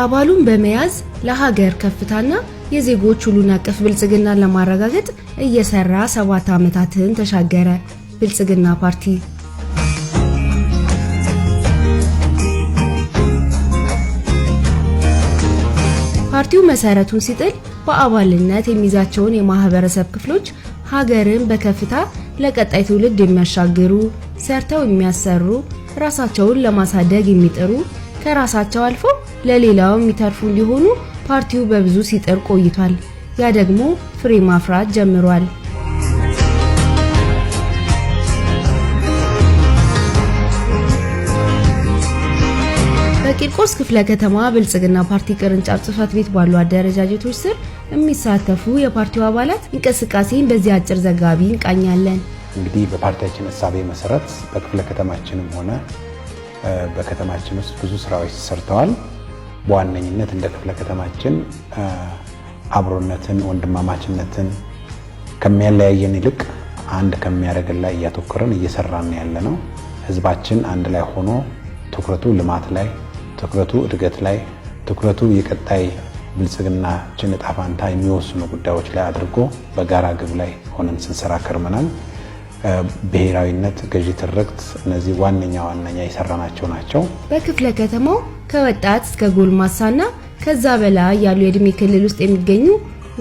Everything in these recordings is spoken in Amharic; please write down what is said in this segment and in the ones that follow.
አባሉን በመያዝ ለሀገር ከፍታና የዜጎች ሁሉን አቀፍ ብልጽግና ለማረጋገጥ እየሰራ ሰባት ዓመታትን ተሻገረ። ብልጽግና ፓርቲ ፓርቲው መሰረቱን ሲጥል በአባልነት የሚይዛቸውን የማህበረሰብ ክፍሎች ሀገርን በከፍታ ለቀጣይ ትውልድ የሚያሻግሩ፣ ሰርተው የሚያሰሩ፣ ራሳቸውን ለማሳደግ የሚጥሩ፣ ከራሳቸው አልፎ ለሌላው የሚተርፉ እንዲሆኑ ፓርቲው በብዙ ሲጥር ቆይቷል። ያ ደግሞ ፍሬ ማፍራት ጀምሯል። በቂርቆስ ክፍለ ከተማ ብልጽግና ፓርቲ ቅርንጫፍ ጽሕፈት ቤት ባሉ አደረጃጀቶች ስር የሚሳተፉ የፓርቲው አባላት እንቅስቃሴን በዚህ አጭር ዘጋቢ እንቃኛለን። እንግዲህ በፓርቲያችን እሳቤ መሰረት በክፍለ ከተማችንም ሆነ በከተማችን ውስጥ ብዙ ስራዎች ተሰርተዋል። በዋነኝነት እንደ ክፍለ ከተማችን አብሮነትን፣ ወንድማማችነትን ከሚያለያየን ይልቅ አንድ ከሚያደርገን ላይ እያተኮረን እየሰራን ያለ ነው። ህዝባችን አንድ ላይ ሆኖ ትኩረቱ ልማት ላይ፣ ትኩረቱ እድገት ላይ፣ ትኩረቱ የቀጣይ ብልጽግናችን እጣ የሚወስኑ ጉዳዮች ላይ አድርጎ በጋራ ግብ ላይ ሆነን ስንሰራ ከርመናል። ብሔራዊነት፣ ገዢ ትርክት፣ እነዚህ ዋነኛ ዋነኛ የሰራናቸው ናቸው። በክፍለ ከተማው ከወጣት እስከ ጎልማሳና ከዛ በላይ ያሉ የእድሜ ክልል ውስጥ የሚገኙ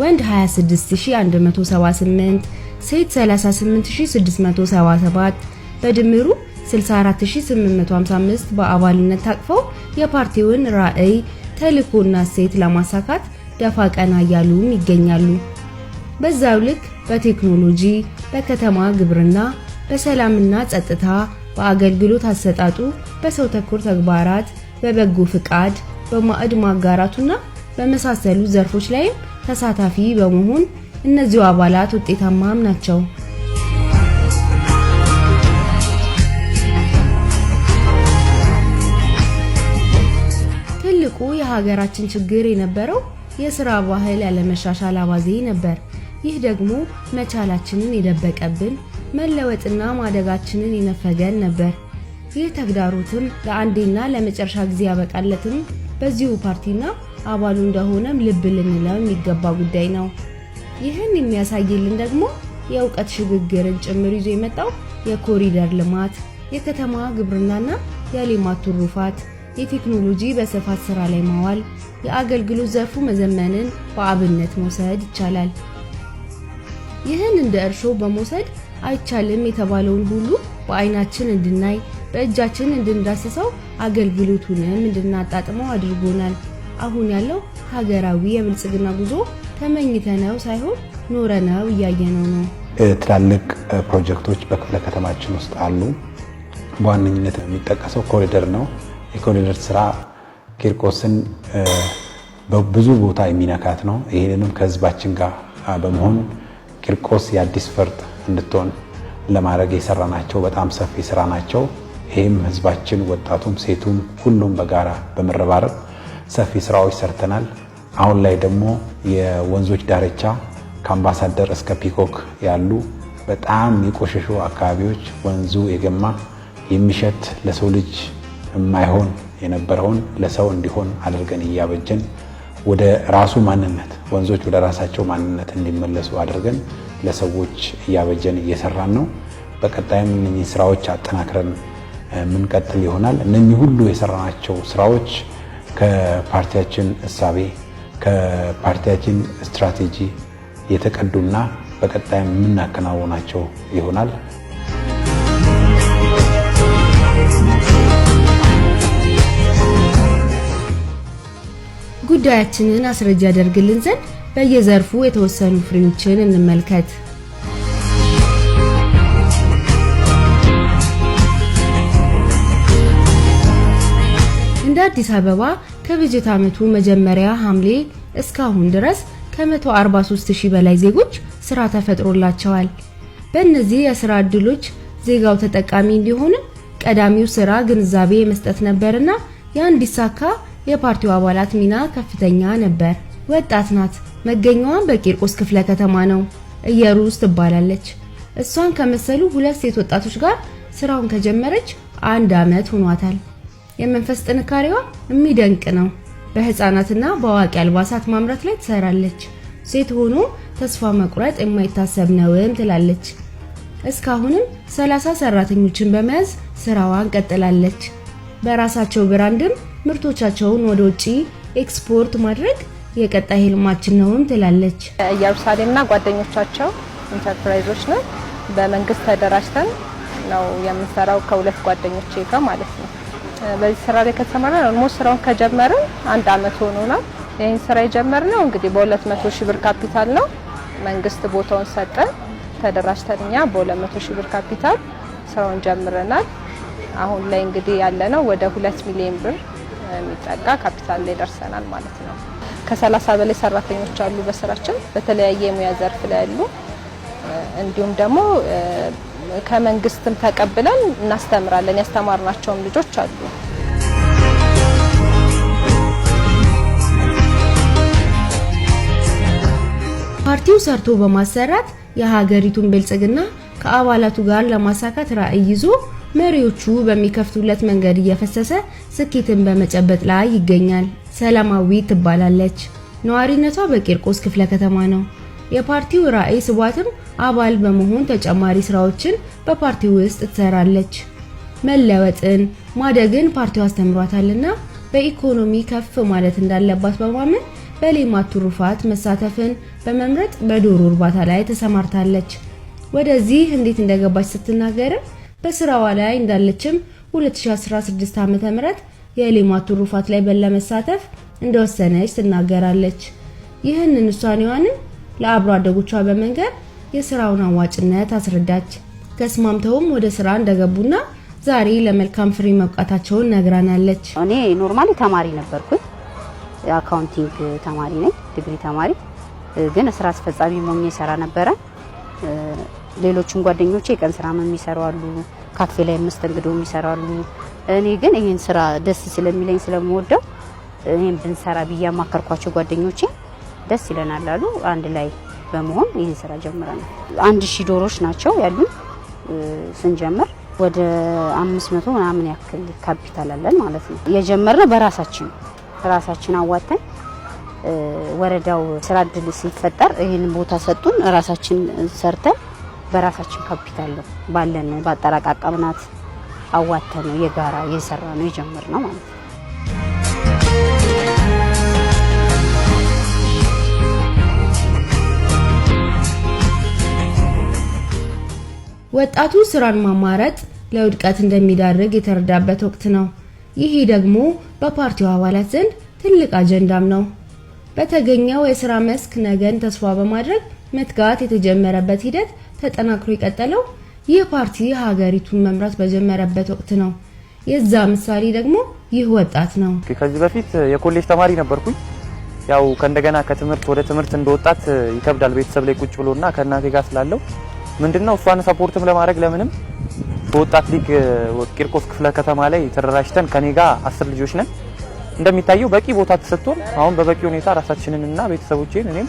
ወንድ 26178 ሴት 38677 በድምሩ 64855 በአባልነት ታቅፈው የፓርቲውን ራዕይ ተልዕኮና ሴት ለማሳካት ደፋ ቀና እያሉም ይገኛሉ። በዛው ልክ በቴክኖሎጂ፣ በከተማ ግብርና፣ በሰላምና ጸጥታ፣ በአገልግሎት አሰጣጡ፣ በሰው ተኮር ተግባራት፣ በበጎ ፍቃድ፣ በማዕድ ማጋራቱና በመሳሰሉ ዘርፎች ላይም ተሳታፊ በመሆን እነዚሁ አባላት ውጤታማም ናቸው። ትልቁ የሀገራችን ችግር የነበረው የስራ ባህል ያለመሻሻል አባዜ ነበር። ይህ ደግሞ መቻላችንን የደበቀብን መለወጥና ማደጋችንን የነፈገን ነበር። ይህ ተግዳሮትም ለአንዴና ለመጨረሻ ጊዜ ያበቃለትም በዚሁ ፓርቲና አባሉ እንደሆነም ልብ ልንለው የሚገባ ጉዳይ ነው። ይህን የሚያሳይልን ደግሞ የእውቀት ሽግግርን ጭምር ይዞ የመጣው የኮሪደር ልማት፣ የከተማ ግብርናና የሌማት ትሩፋት፣ የቴክኖሎጂ በስፋት ስራ ላይ ማዋል፣ የአገልግሎት ዘርፉ መዘመንን በአብነት መውሰድ ይቻላል። ይህን እንደ እርሾ በመውሰድ አይቻልም የተባለውን ሁሉ በአይናችን እንድናይ በእጃችን እንድንዳስሰው አገልግሎቱንም እንድናጣጥመው አድርጎናል። አሁን ያለው ሀገራዊ የብልጽግና ጉዞ ተመኝተነው ሳይሆን ኖረነው እያየነው ነው። ትላልቅ ፕሮጀክቶች በክፍለ ከተማችን ውስጥ አሉ። በዋነኝነት የሚጠቀሰው ኮሪደር ነው። የኮሪደር ስራ ቂርቆስን በብዙ ቦታ የሚነካት ነው። ይህንንም ከህዝባችን ጋር በመሆን ቂርቆስ የአዲስ ፈርጥ እንድትሆን ለማድረግ የሰራ ናቸው በጣም ሰፊ ስራ ናቸው። ይህም ህዝባችን፣ ወጣቱም፣ ሴቱም ሁሉም በጋራ በመረባረብ ሰፊ ስራዎች ሰርተናል። አሁን ላይ ደግሞ የወንዞች ዳርቻ ከአምባሳደር እስከ ፒኮክ ያሉ በጣም የቆሸሹ አካባቢዎች ወንዙ የገማ የሚሸት ለሰው ልጅ የማይሆን የነበረውን ለሰው እንዲሆን አድርገን እያበጀን ወደ ራሱ ማንነት ወንዞች ወደ ራሳቸው ማንነት እንዲመለሱ አድርገን ለሰዎች እያበጀን እየሰራን ነው። በቀጣይም እነኚህ ስራዎች አጠናክረን የምንቀጥል ይሆናል። እነኚህ ሁሉ የሰራናቸው ስራዎች ከፓርቲያችን እሳቤ ከፓርቲያችን ስትራቴጂ የተቀዱና በቀጣይም የምናከናውናቸው ይሆናል። ጉዳያችንን አስረጃ ያደርግልን ዘንድ በየዘርፉ የተወሰኑ ፍሬዎችን እንመልከት። እንደ አዲስ አበባ ከበጀት ዓመቱ መጀመሪያ ሐምሌ እስካሁን ድረስ ከ143 ሺህ በላይ ዜጎች ስራ ተፈጥሮላቸዋል። በእነዚህ የስራ ዕድሎች ዜጋው ተጠቃሚ እንዲሆንም ቀዳሚው ስራ ግንዛቤ የመስጠት ነበርና ያ እንዲሳካ የፓርቲው አባላት ሚና ከፍተኛ ነበር። ወጣት ናት። መገኛዋን በቂርቆስ ክፍለ ከተማ ነው። እየሩስ ትባላለች። እሷን ከመሰሉ ሁለት ሴት ወጣቶች ጋር ስራውን ከጀመረች አንድ አመት ሆኗታል። የመንፈስ ጥንካሬዋ የሚደንቅ ነው። በህፃናትና በአዋቂ አልባሳት ማምረት ላይ ትሰራለች። ሴት ሆኖ ተስፋ መቁረጥ የማይታሰብ ነውም ትላለች። እስካሁንም ሰላሳ ሰራተኞችን በመያዝ ስራዋን ቀጥላለች። በራሳቸው ብራንድም ምርቶቻቸውን ወደ ውጭ ኤክስፖርት ማድረግ የቀጣይ ህልማችን ነውም ትላለች። ኢየሩሳሌምና ጓደኞቻቸው ኢንተርፕራይዞች ነው በመንግስት ተደራጅተን ነው የምንሰራው ከሁለት ጓደኞቼ ጋር ማለት ነው። በዚህ ስራ ላይ ከተሰማራ ኦልሞስት ስራውን ከጀመርን አንድ አመት ሆኖናል። ይህን ስራ የጀመርነው እንግዲህ በሁለት መቶ ሺህ ብር ካፒታል ነው። መንግስት ቦታውን ሰጠን። ተደራጅተን እኛ በሁለት መቶ ሺህ ብር ካፒታል ስራውን ጀምረናል። አሁን ላይ እንግዲህ ያለነው ወደ ሁለት ሚሊዮን ብር የሚጠጋ ካፒታል ላይ ደርሰናል ማለት ነው። ከሰላሳ በላይ ሰራተኞች አሉ በስራችን በተለያየ የሙያ ዘርፍ ላይ ያሉ እንዲሁም ደግሞ ከመንግስትም ተቀብለን እናስተምራለን ያስተማርናቸውም ልጆች አሉ። ፓርቲው ሰርቶ በማሰራት የሀገሪቱን ብልጽግና ከአባላቱ ጋር ለማሳካት ራዕይ ይዞ መሪዎቹ በሚከፍቱለት መንገድ እየፈሰሰ ስኬትን በመጨበጥ ላይ ይገኛል። ሰላማዊ ትባላለች። ነዋሪነቷ በቂርቆስ ክፍለ ከተማ ነው። የፓርቲው ራዕይ ስቧትም አባል በመሆን ተጨማሪ ስራዎችን በፓርቲው ውስጥ ትሰራለች። መለወጥን፣ ማደግን ፓርቲው አስተምሯታልና በኢኮኖሚ ከፍ ማለት እንዳለባት በማመን በሌማት ትሩፋት መሳተፍን በመምረጥ በዶሮ እርባታ ላይ ተሰማርታለች። ወደዚህ እንዴት እንደገባች ስትናገርም በስራዋ ላይ እንዳለችም 2016 ዓ ም የሌማት ትሩፋት ላይ በለመሳተፍ እንደወሰነች ትናገራለች። ይህንን ውሳኔዋንም ለአብሮ አደጎቿ በመንገር የስራውን አዋጭነት አስረዳች። ተስማምተውም ወደ ስራ እንደገቡና ዛሬ ለመልካም ፍሬ መብቃታቸውን ነግራናለች። እኔ ኖርማሊ ተማሪ ነበርኩኝ። አካውንቲንግ ተማሪ ነኝ፣ ዲግሪ ተማሪ ግን ስራ አስፈጻሚ ሆኜ ሰራ ነበረ ሌሎችን ጓደኞቼ የቀን ስራም የሚሰሩ አሉ፣ ካፌ ላይ መስተንግዶ የሚሰሩ አሉ። እኔ ግን ይህን ስራ ደስ ስለሚለኝ ስለምወደው ይህን ብንሰራ ብዬ ያማከርኳቸው ጓደኞቼ ደስ ይለናል አሉ። አንድ ላይ በመሆን ይህን ስራ ጀምረናል። አንድ ሺህ ዶሮች ናቸው ያሉን። ስንጀምር ወደ አምስት መቶ ምናምን ያክል ካፒታል አለን ማለት ነው። የጀመርነው በራሳችን ራሳችን አዋተን ወረዳው ስራ እድል ሲፈጠር ይህን ቦታ ሰጡን። ራሳችን ሰርተን በራሳችን ካፒታል ነው ባለን በአጠራቃቀምናት አዋተ ነው የጋራ የሰራ ነው የጀምር ነው ማለት ነው። ወጣቱ ስራን ማማረጥ ለውድቀት እንደሚዳርግ የተረዳበት ወቅት ነው። ይህ ደግሞ በፓርቲው አባላት ዘንድ ትልቅ አጀንዳም ነው። በተገኘው የስራ መስክ ነገን ተስፋ በማድረግ መትጋት የተጀመረበት ሂደት ተጠናክሮ የቀጠለው ይህ ፓርቲ ሀገሪቱን መምራት በጀመረበት ወቅት ነው። የዛ ምሳሌ ደግሞ ይህ ወጣት ነው። ከዚህ በፊት የኮሌጅ ተማሪ ነበርኩኝ። ያው ከእንደገና ከትምህርት ወደ ትምህርት እንደወጣት ይከብዳል። ቤተሰብ ላይ ቁጭ ብሎና ከእናቴ ጋር ስላለው ምንድነው እሷን ሰፖርትም ለማድረግ ለምንም በወጣት ሊግ ቂርቆስ ክፍለ ከተማ ላይ ተደራጅተን ከኔ ጋር አስር ልጆች ነን። እንደሚታየው በቂ ቦታ ተሰጥቶን አሁን በበቂ ሁኔታ ራሳችንንና ቤተሰቦቼን እኔም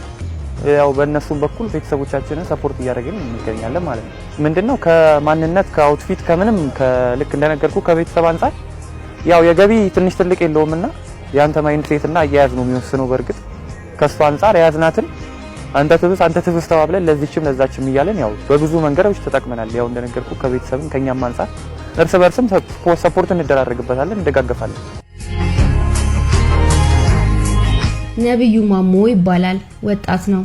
ያው በእነሱም በኩል ቤተሰቦቻችንን ሰፖርት እያደረግን እንገኛለን ማለት ነው። ምንድነው ከማንነት ከአውትፊት ከምንም ልክ እንደነገርኩ ከቤተሰብ አንጻር ያው የገቢ ትንሽ ትልቅ የለውምና የአንተ ማይንድ ሴትና አያያዝ ነው የሚወስነው። በእርግጥ ከእሱ አንጻር የያዝናትን አንተ ትብስ አንተ ትብስ ተባብለን ለዚችም ለዛችም እያለን ያው በብዙ መንገዶች ተጠቅመናል። ያው እንደነገርኩ ከቤተሰብም ከእኛም አንጻር እርስ በርስም ሰፖርት እንደራረግበታለን፣ እንደጋገፋለን። ነብዩ ማሞ ይባላል። ወጣት ነው።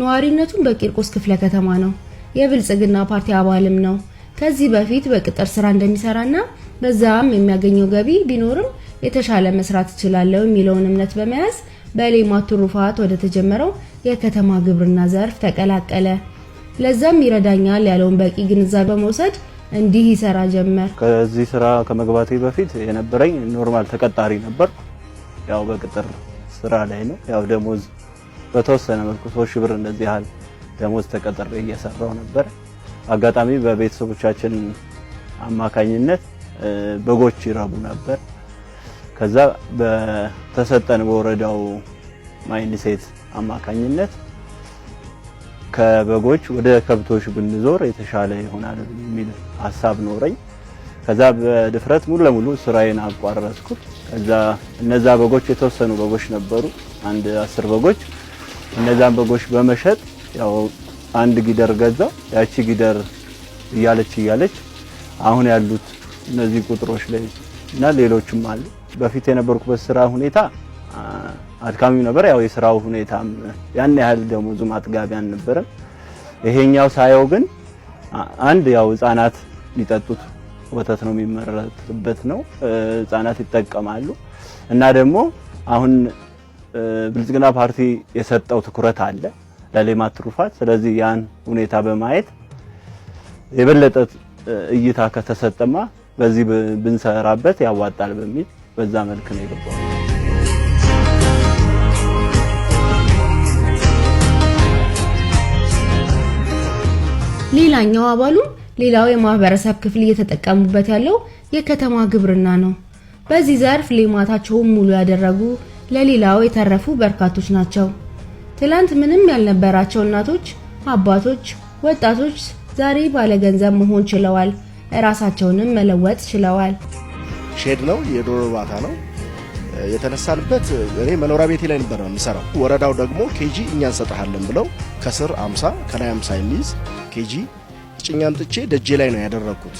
ነዋሪነቱን በቂርቆስ ክፍለ ከተማ ነው። የብልጽግና ፓርቲ አባልም ነው። ከዚህ በፊት በቅጥር ስራ እንደሚሰራና በዛም የሚያገኘው ገቢ ቢኖርም የተሻለ መስራት እችላለሁ የሚለውን እምነት በመያዝ በሌማት ትሩፋት ወደ ተጀመረው የከተማ ግብርና ዘርፍ ተቀላቀለ። ለዛም ይረዳኛል ያለውን በቂ ግንዛቤ በመውሰድ እንዲህ ይሰራ ጀመር። ከዚህ ስራ ከመግባቴ በፊት የነበረኝ ኖርማል ተቀጣሪ ነበር። ያው በቅጥር ስራ ላይ ነው። ያው ደሞዝ በተወሰነ መልኩ ሶስት ሺህ ብር እንደዚህ ያህል ደሞዝ ተቀጥሬ እየሰራው ነበር። አጋጣሚ በቤተሰቦቻችን አማካኝነት በጎች ይረቡ ነበር። ከዛ በተሰጠን በወረዳው ማይንሴት አማካኝነት ከበጎች ወደ ከብቶች ብንዞር የተሻለ ይሆናል የሚል ሀሳብ ኖረኝ። ከዛ በድፍረት ሙሉ ለሙሉ ስራዬን አቋረጥኩት። እዛ እነዛ በጎች የተወሰኑ በጎች ነበሩ፣ አንድ አስር በጎች። እነዛን በጎች በመሸጥ ያው አንድ ጊደር ገዛ። ያቺ ጊደር እያለች እያለች አሁን ያሉት እነዚህ ቁጥሮች ላይ እና ሌሎችም አሉ። በፊት የነበርኩበት ስራ ሁኔታ አድካሚው ነበር። ያው የስራው ሁኔታ ያን ያህል ደሞዙም አጥጋቢ አልነበረም። ይሄኛው ሳየው ግን አንድ ያው ህጻናት የሚጠጡት ወተት ነው የሚመረትበት ነው። ህጻናት ይጠቀማሉ እና ደግሞ አሁን ብልጽግና ፓርቲ የሰጠው ትኩረት አለ ለሌማት ትሩፋት። ስለዚህ ያን ሁኔታ በማየት የበለጠ እይታ ከተሰጠማ በዚህ ብንሰራበት ያዋጣል በሚል በዛ መልክ ነው የገባው። ሌላኛው አባሉ ሌላው የማህበረሰብ ክፍል እየተጠቀሙበት ያለው የከተማ ግብርና ነው። በዚህ ዘርፍ ሌማታቸውን ሙሉ ያደረጉ ለሌላው የተረፉ በርካቶች ናቸው። ትላንት ምንም ያልነበራቸው እናቶች፣ አባቶች፣ ወጣቶች ዛሬ ባለገንዘብ መሆን ችለዋል። እራሳቸውንም መለወጥ ችለዋል። ሼድ ነው፣ የዶሮ እርባታ ነው የተነሳንበት። እኔ መኖሪያ ቤቴ ላይ ነበር የምሰራው። ወረዳው ደግሞ ኬጂ እኛ እንሰጥሃለን ብለው ከስር 50 ከላይ 50 የሚይዝ ኬጂ ቋጭኝ አምጥቼ ደጄ ላይ ነው ያደረግኩት።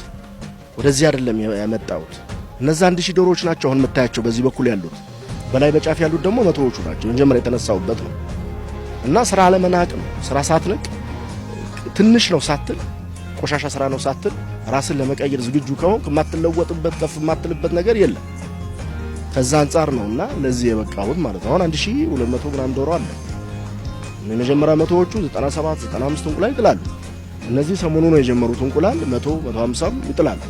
ወደዚህ አይደለም ያመጣሁት። እነዛ አንድ ሺህ ዶሮዎች ናቸው አሁን የምታያቸው በዚህ በኩል ያሉት። በላይ በጫፍ ያሉት ደግሞ መቶዎቹ ናቸው። መጀመሪያ የተነሳሁበት ነው እና ስራ አለመናቅ ነው። ስራ ሳትንቅ ትንሽ ነው ሳትል ቆሻሻ ስራ ነው ሳትል ራስን ለመቀየር ዝግጁ ከሆንክ የማትለወጥበት ከፍ የማትልበት ነገር የለም። ከዛ አንጻር ነውና ለዚህ የበቃሁት ማለት ነው። አሁን መቶ ምናምን ዶሮ አለ። የመጀመሪያ መቶዎቹ 97 95 እንቁላል ይጥላሉ። እነዚህ ሰሞኑ ነው የጀመሩት። እንቁላል 100 150 ይጥላል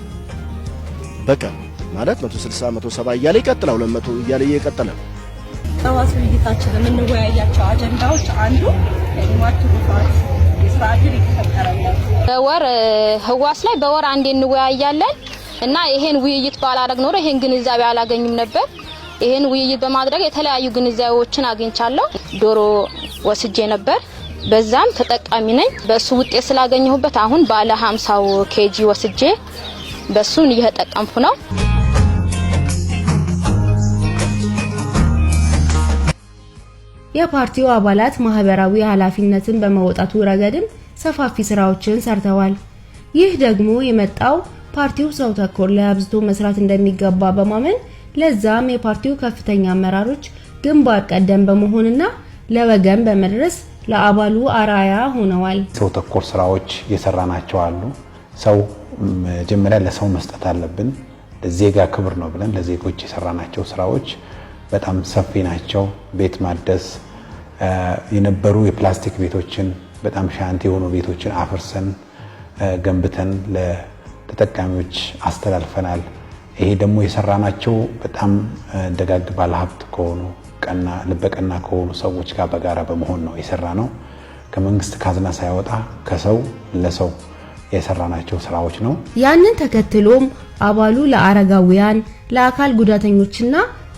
በቀን ማለት 160 170 እያለ ይቀጥላል። 200 እያለ እየቀጠለ ነው። ጠዋት ውይይታችን የምንወያያቸው አጀንዳዎች አንዱ የሟቹ ሩፋት የስራ እድል ይፈጠራል። በወር ህዋስ ላይ በወር አንዴ እንወያያለን እና ይሄን ውይይት ባላደረግ ኖሮ ይሄን ግንዛቤ አላገኝም ነበር። ይሄን ውይይት በማድረግ የተለያዩ ግንዛቤዎችን አግኝቻለሁ። ዶሮ ወስጄ ነበር። በዛም ተጠቃሚ ነኝ። በሱ ውጤት ስላገኘሁበት አሁን ባለ 50 ኬጂ ወስጄ በሱን እየተጠቀምኩ ነው። የፓርቲው አባላት ማህበራዊ ኃላፊነትን በመወጣቱ ረገድም ሰፋፊ ስራዎችን ሰርተዋል። ይህ ደግሞ የመጣው ፓርቲው ሰው ተኮር ላይ አብዝቶ መስራት እንደሚገባ በማመን ለዛም የፓርቲው ከፍተኛ አመራሮች ግንባር ቀደም በመሆንና ለወገን በመድረስ ለአባሉ አራያ ሆነዋል። ሰው ተኮር ስራዎች እየሰራ ናቸው አሉ። ሰው መጀመሪያ ለሰው መስጠት አለብን። ለዜጋ ክብር ነው ብለን ለዜጎች የሰራናቸው ስራዎች በጣም ሰፊ ናቸው። ቤት ማደስ የነበሩ የፕላስቲክ ቤቶችን በጣም ሻንቲ የሆኑ ቤቶችን አፍርሰን ገንብተን ለተጠቃሚዎች አስተላልፈናል። ይሄ ደግሞ የሰራናቸው በጣም ደጋግ ባለሀብት ከሆኑ ቀና ልበቀና ከሆኑ ሰዎች ጋር በጋራ በመሆን ነው የሰራ ነው። ከመንግስት ካዝና ሳይወጣ ከሰው ለሰው የሰራናቸው ስራዎች ነው። ያንን ተከትሎም አባሉ ለአረጋውያን፣ ለአካል ጉዳተኞችና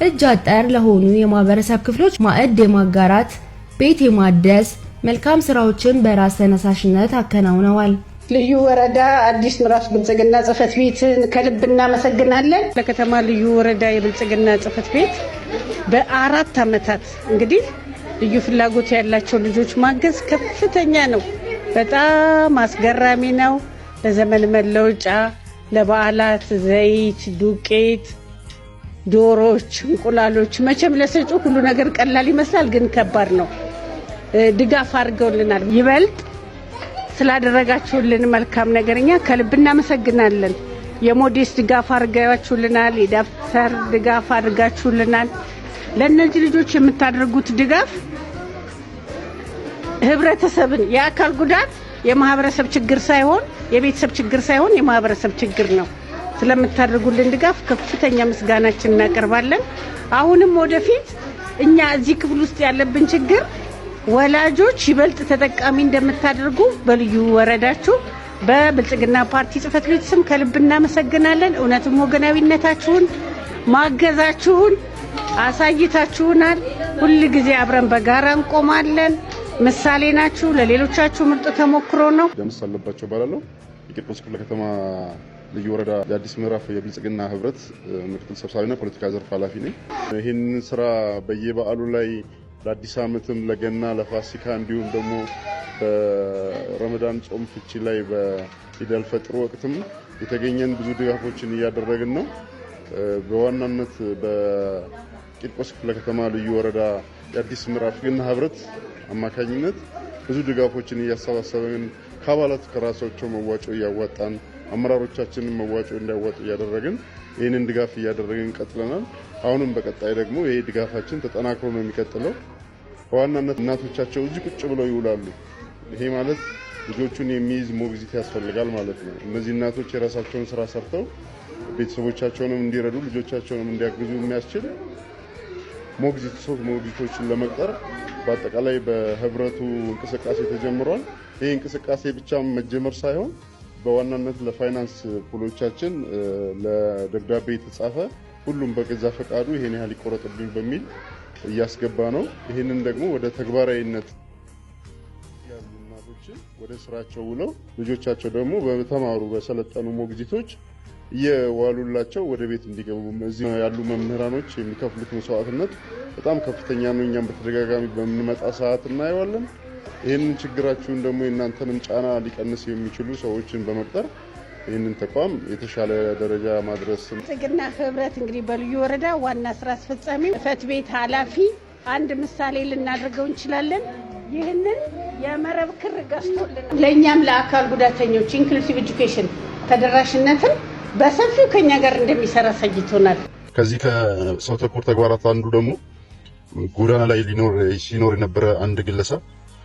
እጅ አጠር ለሆኑ የማህበረሰብ ክፍሎች ማዕድ የማጋራት ቤት የማደስ መልካም ስራዎችን በራስ ተነሳሽነት አከናውነዋል። ልዩ ወረዳ አዲስ ምዕራፍ ብልጽግና ጽህፈት ቤትን ከልብ እናመሰግናለን። ለከተማ ልዩ ወረዳ የብልጽግና ጽህፈት ቤት በአራት ዓመታት እንግዲህ ልዩ ፍላጎት ያላቸው ልጆች ማገዝ ከፍተኛ ነው። በጣም አስገራሚ ነው። ለዘመን መለወጫ፣ ለበዓላት ዘይት፣ ዱቄት፣ ዶሮች፣ እንቁላሎች መቼም ለሰጪው ሁሉ ነገር ቀላል ይመስላል፣ ግን ከባድ ነው። ድጋፍ አድርገውልናል ይበልጥ ስላደረጋችሁልን መልካም ነገር እኛ ከልብ እናመሰግናለን። የሞዴስ ድጋፍ አድርጋችሁልናል። የዳፕተር ድጋፍ አድርጋችሁልናል። ለእነዚህ ልጆች የምታደርጉት ድጋፍ ህብረተሰብን የአካል ጉዳት የማህበረሰብ ችግር ሳይሆን የቤተሰብ ችግር ሳይሆን የማህበረሰብ ችግር ነው። ስለምታደርጉልን ድጋፍ ከፍተኛ ምስጋናችን እናቀርባለን። አሁንም ወደፊት እኛ እዚህ ክፍል ውስጥ ያለብን ችግር ወላጆች ይበልጥ ተጠቃሚ እንደምታደርጉ በልዩ ወረዳችሁ በብልጽግና ፓርቲ ጽህፈት ቤት ስም ከልብ እናመሰግናለን። እውነትም ወገናዊነታችሁን ማገዛችሁን አሳይታችሁናል። ሁል ጊዜ አብረን በጋራ እንቆማለን። ምሳሌ ናችሁ። ለሌሎቻችሁ ምርጥ ተሞክሮ ነው። ደምስ አለባቸው እባላለሁ። የቂርቆስ ክፍለ ከተማ ልዩ ወረዳ የአዲስ ምዕራፍ የብልጽግና ህብረት ምክትል ሰብሳቢና ፖለቲካ ዘርፍ ኃላፊ ነኝ። ይህንን ስራ በየበዓሉ ላይ ለአዲስ ዓመትም ለገና ለፋሲካ እንዲሁም ደግሞ በረመዳን ጾም ፍቺ ላይ በኢደል ፈጥር ወቅትም የተገኘን ብዙ ድጋፎችን እያደረግን ነው። በዋናነት በቂርቆስ ክፍለ ከተማ ልዩ ወረዳ የአዲስ ምዕራፍ ግና ህብረት አማካኝነት ብዙ ድጋፎችን እያሰባሰበን ከአባላት ከራሳቸው መዋጮ እያዋጣን አመራሮቻችንን መዋጮ እንዲያዋጡ እያደረግን ይህንን ድጋፍ እያደረግን ቀጥለናል። አሁንም በቀጣይ ደግሞ ይህ ድጋፋችን ተጠናክሮ ነው የሚቀጥለው። በዋናነት እናቶቻቸው እዚህ ቁጭ ብለው ይውላሉ። ይሄ ማለት ልጆቹን የሚይዝ ሞግዚት ያስፈልጋል ማለት ነው። እነዚህ እናቶች የራሳቸውን ስራ ሰርተው ቤተሰቦቻቸውንም እንዲረዱ ልጆቻቸውንም እንዲያግዙ የሚያስችል ሞግዚት ሶስት ሞግዚቶችን ለመቅጠር በአጠቃላይ በህብረቱ እንቅስቃሴ ተጀምሯል። ይህ እንቅስቃሴ ብቻ መጀመር ሳይሆን በዋናነት ለፋይናንስ ፑሎቻችን ለደብዳቤ የተጻፈ ሁሉም በገዛ ፈቃዱ ይሄን ያህል ይቆረጥብኝ በሚል እያስገባ ነው። ይህንን ደግሞ ወደ ተግባራዊነት ያሉ እናቶችን ወደ ስራቸው ውለው ልጆቻቸው ደግሞ በተማሩ በሰለጠኑ ሞግዚቶች እየዋሉላቸው ወደ ቤት እንዲገቡ እዚህ ያሉ መምህራኖች የሚከፍሉት መስዋዕትነት በጣም ከፍተኛ ነው። እኛም በተደጋጋሚ በምንመጣ ሰዓት እናየዋለን። ይህንን ችግራችሁን ደግሞ የእናንተንም ጫና ሊቀንስ የሚችሉ ሰዎችን በመቅጠር ይህንን ተቋም የተሻለ ደረጃ ማድረስ ብልጽግና ህብረት እንግዲህ በልዩ ወረዳ ዋና ስራ አስፈጻሚ ፈት ቤት ኃላፊ አንድ ምሳሌ ልናደርገው እንችላለን። ይህንን የመረብ ክር ገዝቶልን ለእኛም ለአካል ጉዳተኞች ኢንክሉሲቭ ኤጁኬሽን ተደራሽነትን በሰፊው ከኛ ጋር እንደሚሰራ ሰይቶናል። ከዚህ ከሰው ተኮር ተግባራት አንዱ ደግሞ ጎዳና ላይ ሲኖር የነበረ አንድ ግለሰብ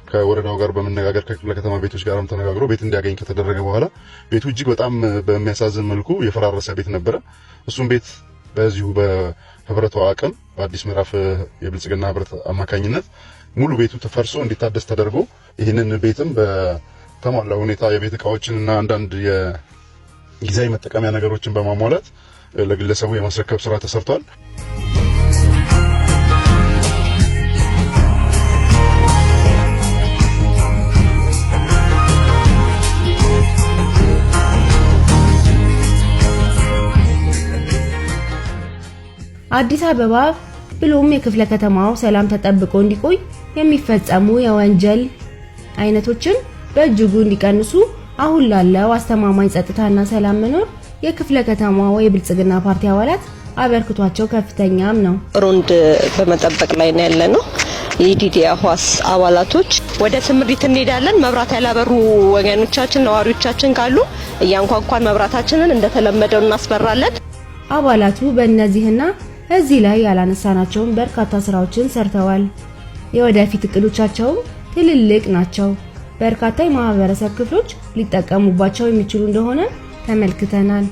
ከወረዳው ጋር በመነጋገር ከክፍለ ከተማ ቤቶች ጋርም ተነጋግሮ ቤት እንዲያገኝ ከተደረገ በኋላ ቤቱ እጅግ በጣም በሚያሳዝን መልኩ የፈራረሰ ቤት ነበረ። እሱም ቤት በዚሁ በህብረቱ አቅም በአዲስ ምዕራፍ የብልጽግና ህብረት አማካኝነት ሙሉ ቤቱ ተፈርሶ እንዲታደስ ተደርጎ ይህንን ቤትም በተሟላ ሁኔታ የቤት እቃዎችን እና አንዳንድ የጊዜያዊ መጠቀሚያ ነገሮችን በማሟላት ለግለሰቡ የማስረከብ ስራ ተሰርቷል። አዲስ አበባ ብሎም የክፍለ ከተማው ሰላም ተጠብቆ እንዲቆይ የሚፈጸሙ የወንጀል አይነቶችን በእጅጉ እንዲቀንሱ አሁን ላለው አስተማማኝ ጸጥታና ሰላም መኖር የክፍለ ከተማው የብልጽግና ፓርቲ አባላት አበርክቷቸው ከፍተኛም ነው። ሮንድ በመጠበቅ ላይ ነው ያለ ነው። የዲዲያ ኋስ አባላቶች ወደ ትምህርት እንሄዳለን። መብራት ያላበሩ ወገኖቻችን ነዋሪዎቻችን ካሉ እያንኳንኳን መብራታችንን እንደተለመደው እናስበራለን። አባላቱ በእነዚህና እዚህ ላይ ያላነሳናቸውን በርካታ ስራዎችን ሰርተዋል። የወደፊት እቅዶቻቸውም ትልልቅ ናቸው። በርካታ የማህበረሰብ ክፍሎች ሊጠቀሙባቸው የሚችሉ እንደሆነ ተመልክተናል።